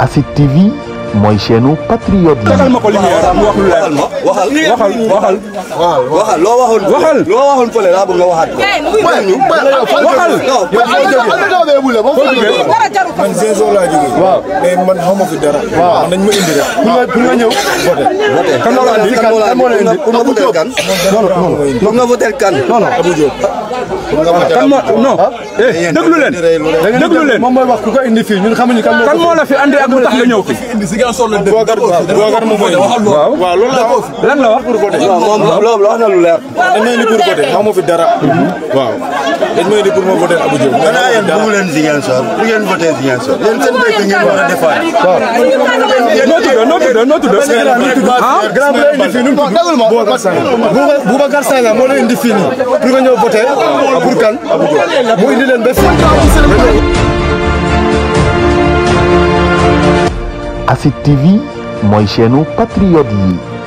ASID TV mooy chaîne patriote yi. tegal ma ko lumière mu wax lu leer waxal waxal waxal. waxal loo waxal loo laa bëgg nga waxal. man laa jógee. waaw mais man xaw ma fi dara. waaw nañ ma nga ñëw. voté voté kan la indi kan moo la indi. Abou Diop non non. pour nga voté kan. non non Abou Diop. pour kan non. Ah? Eh, déglu leen déglu leen moom mooy wax ku ko indi fii ñun xamuñu kan moo la fi andi ak lu tax nga ñëw fi waaw loolu la ko fi lan la wax pour voter moom loolu wax na lu leer dañ may indi pour voter xamu fi dara waaw dañ may indi pour ma voter Abou Diop danaa yéen bëggu leen Ziguinchor bu ngeen voter Ziguinchor yéen seen dëkk ngeen war a défendre noo tudd noo tudd noo tudd grand bu la indi fii nu Boubacar Sanga moo la indi fii nii pour nga ñëw voter pour kan leen ba ASID TV mooy chaîne patriote yi